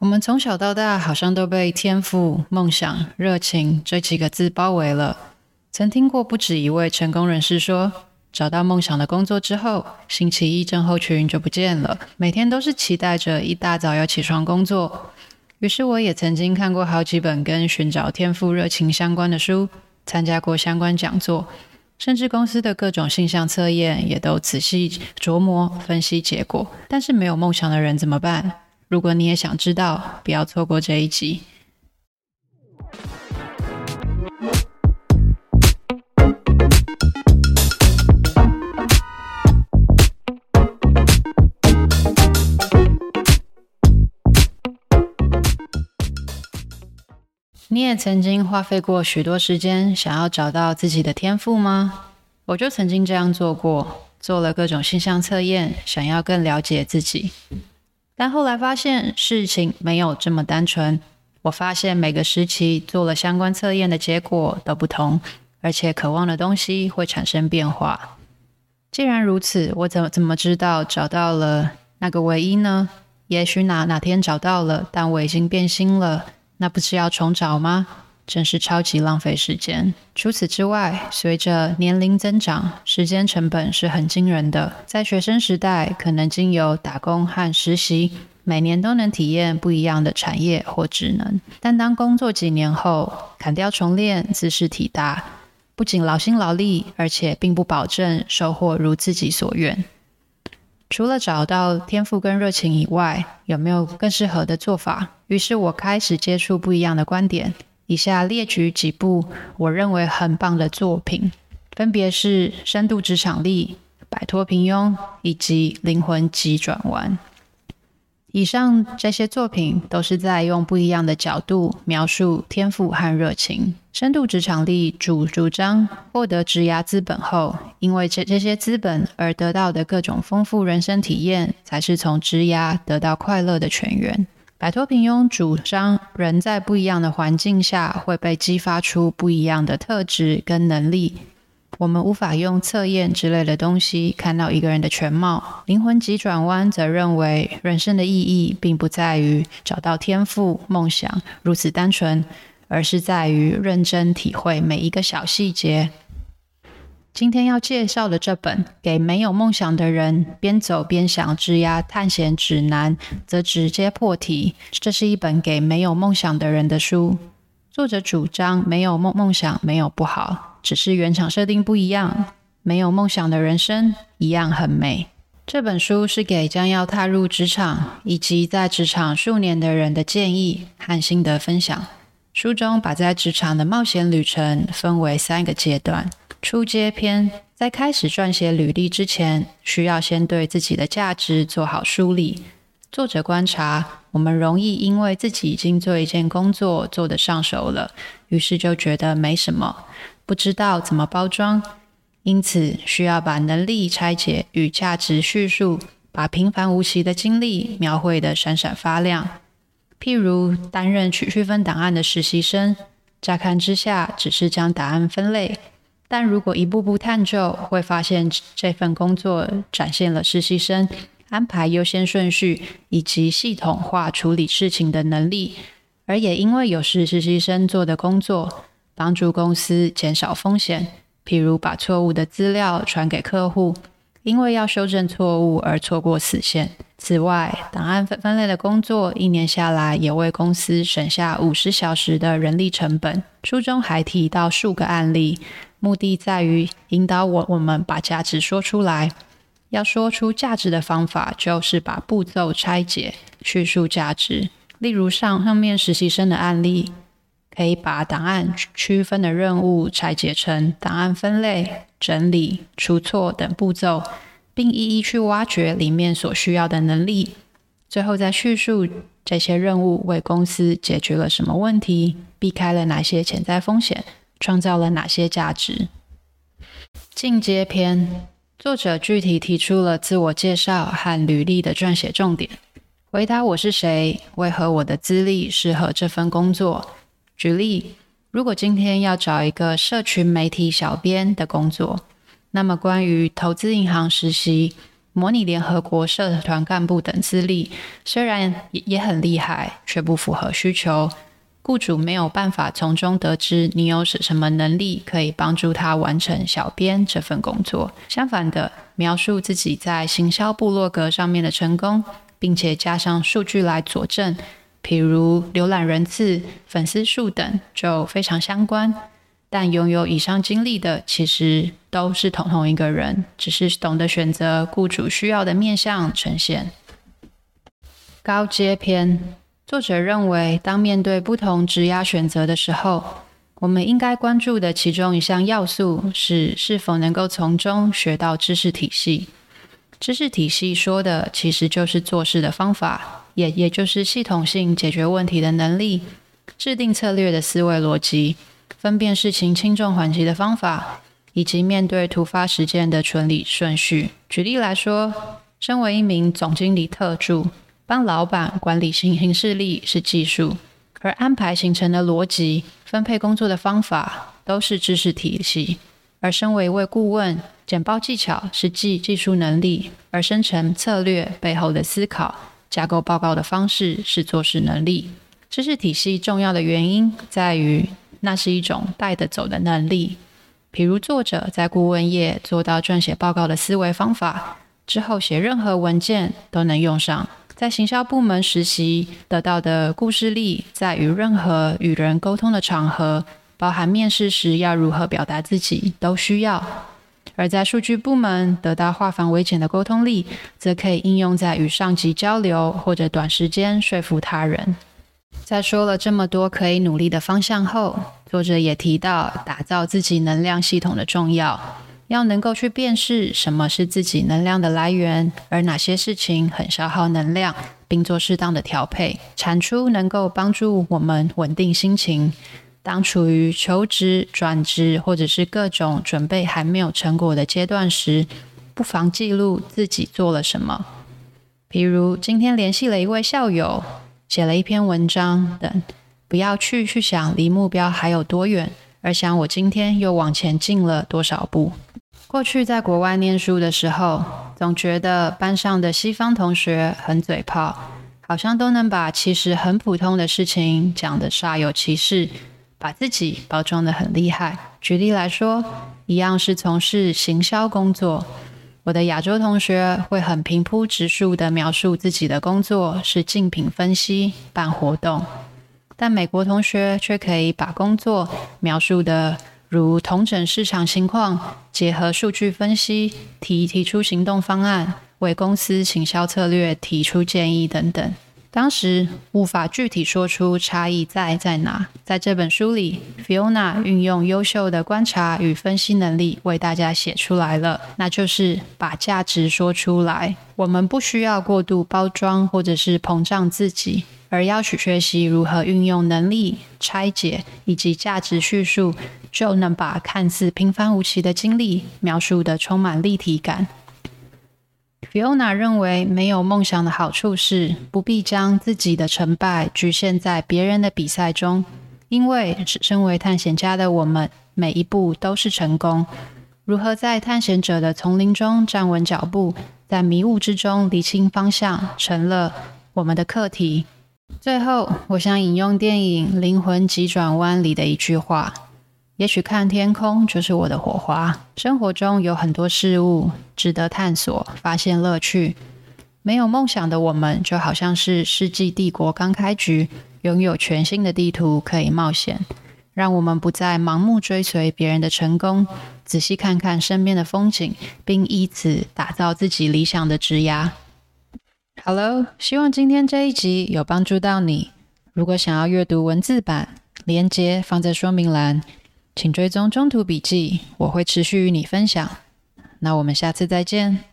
我們從小到大，好像都被“天賦、夢想、熱情”這幾個字包圍了。曾聽過不止一位成功人士說，找到夢想的工作之後，星期一症候群就不見了，每天都是期待着一大早要起床工作。於是，我也曾經看過好幾本跟尋找天賦、熱情相關的書，參加過相關講座，甚至公司的各種性向測驗也都仔細琢磨、分析結果。但是，沒有夢想的人怎麼辦？如果你也想知道，不要錯過這一集。你也曾經花費過許多時間，想要找到自己的天賦嗎？我就曾經這樣做過，做了各種性向測驗，想要更了解自己。但後來發現事情沒有這麼單純。我發現每個時期做了相關測驗的結果都不同，而且渴望的東西會產生變化。既然如此，我怎怎麼知道找到了那個唯一呢？也許哪哪天找到了，但我已經變心了，那不是要重找嗎？真是超級浪費時間。除此之外，隨着年齡增長，時間成本是很驚人的。在學生時代，可能經由打工和實習，每年都能體驗不一樣的產業或職能。但當工作幾年後，砍掉重練，茲事體大，不僅勞心勞力，而且並不保證收穫如自己所願。除了找到天賦跟熱情以外，有沒有更適合的做法？於是我開始接觸不一樣的觀點。以下列舉幾部我認為很棒的作品，分別是《深度職場力》、《擺脫平庸》以及《靈魂急轉彎》。以上這些作品都是在用不一樣的角度描述天賦和熱情。《深度職場力》主主張，獲得職涯資本後，因為這這些資本而得到的各種豐富人生體驗，才是從職涯得到快樂的泉源。擺脫平庸主張，人在不一樣的環境下會被激發出不一樣的特質跟能力，我們無法用測驗之類的東西看到一個人的全貌。靈魂急轉彎則認為，人生的意義並不在於找到天賦、夢想如此單純，而是在於認真體會每一個小細節。今天要介紹的這本《給沒有夢想的人邊走邊想職涯探險指南》，則直接破題。這是一本給沒有夢想的人的書。作者主張，沒有夢夢想沒有不好，只是原廠設定不一樣。沒有夢想的人生一樣很美。這本書是給將要踏入職場以及在職場數年的人的建議和心得分享。書中把在職場的冒險旅程分為三個階段。初階篇，在開始撰寫履歷之前，需要先對自己的價值做好梳理。作者觀察，我們容易因為自己已經做一件工作做得上手了，於是就覺得沒什麼，不知道怎麼包裝。因此，需要把能力拆解與價值敘述，把平凡無奇的經歷描繪得閃閃發亮。譬如擔任取區分檔案的實習生，乍看之下只是將檔案分類。但如果一步步探究，會發現這份工作展現了實習生安排優先順序以及系統化處理事情的能力，而也因為有時實習生做的工作幫助公司減少風險，譬如把錯誤的資料傳給客戶，因為要修正錯誤而錯過死線。此外，檔案分分類的工作一年下來也為公司省下五十小時的人力成本。書中還提到數個案例，目的在於引導我我們把價值說出來。要說出價值的方法，就是把步驟拆解，敘述價值。例如上上面實習生的案例，可以把檔案區分的任務拆解成檔案分類、整理、出錯等步驟。並一一去挖掘裡面所需要的能力，最後再敘述這些任務為公司解決了什麼問題，避開了哪些潛在風險，創造了哪些價值。進階篇作者具體提出了自我介紹和履歷的撰寫重點，回答我是誰，為何我的資歷適合這份工作。舉例，如果今天要找一個社群媒體小編的工作。那麼，關於投資銀行實習、模擬聯合國社團幹部等資歷，雖然也也很厲害，卻不符合需求。雇主沒有辦法從中得知你有什什麼能力可以幫助他完成小編這份工作。相反的，描述自己在行銷部落格上面的成功，並且加上數據來佐證，譬如瀏覽人次、粉絲數等，就非常相關。但擁有以上經歷的，其實都是同同一個人，只是懂得選擇雇主需要的面向呈現。高階篇作者認為，當面對不同職涯選擇的時候，我們應該關注的其中一項要素是是否能夠從中學到知識體系。知識體系說的其實就是做事的方法，也也就是系統性解決問題的能力、制定策略的思維邏輯。分辨事情輕重緩急的方法，以及面對突發事件的處理順序。舉例來說，身為一名總經理特助，幫老板管理行行事曆是技術，而安排行程的邏輯、分配工作的方法都是知識體系。而身為一位顧問，簡報技巧是技術能力，而生成策略背後的思考、架構報告的方式是做事能力。知識體系重要的原因在於，那是一種帶得走的能力，比如作者在顧問業做到撰寫報告的思維方法之後，寫任何文件都能用上；在行銷部門實習得到的故事力，在與任何與人溝通的場合，包含面試時要如何表達自己都需要；而在數據部門得到化繁為簡的溝通力，則可以應用在與上級交流或者短時間說服他人。在說了這麼多可以努力的方向後，作者也提到打造自己能量系統的重要，要能夠去辨識什麼是自己能量的來源，而哪些事情很消耗能量，並做適當的調配，產出能夠幫助我們穩定心情。當處於求職、轉職或者是各種準備還沒有成果的階段時，不妨記錄自己做了什麼，比如今天聯繫了一位校友。寫了一篇文章等，不要去去想離目標還有多遠，而想我今天又往前進了多少步。過去在國外念書的時候，總覺得班上的西方同學很嘴炮，好像都能把其實很普通的事情講得煞有其事，把自己包裝得很厲害。舉例來說，一樣是從事行銷工作。我的亞洲同學會很平鋪直述地描述自己的工作是競品分析、辦活動，但美國同學卻可以把工作描述得如統整市場情況，結合數據分析，提提出行動方案，為公司行銷策略提出建議等等。當時無法具體說出差異在在哪？在這本書裡，Fiona 運用優秀的觀察與分析能力為大家寫出來了，那就是把價值說出來。我們不需要過度包裝或者是膨脹自己，而要去學習如何運用能力拆解以及價值敘述，就能把看似平凡無奇的經歷描述得充滿立體感。Fiona 認為，沒有夢想的好處是不必將自己的成敗局限在別人的比賽中，因為身為探險家的我們，每一步都是成功。如何在探險者的叢林中站穩腳步，在迷霧之中理清方向，成了我們的課題。最後，我想引用電影《靈魂急轉彎》裡的一句話。也許看天空就是我的火花。生活中有很多事物值得探索、發現樂趣。沒有夢想的我們，就好像是世紀帝國剛開局，擁有全新的地圖可以冒險。讓我們不再盲目追隨別人的成功，仔細看看身邊的風景，並以此打造自己理想的職涯。Hello，希望今天這一集有幫助到你。如果想要閱讀文字版，連接放在說明欄。請追蹤中途筆記，我會持續與你分享。那我們下次再見。